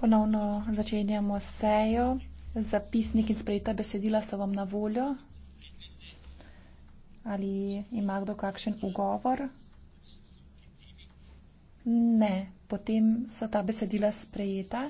Ponovno začenjamo sejo. Zapisnik in sprejeta besedila so vam na voljo. Ali ima kdo kakšen ugovor? Ne. Potem so ta besedila sprejeta.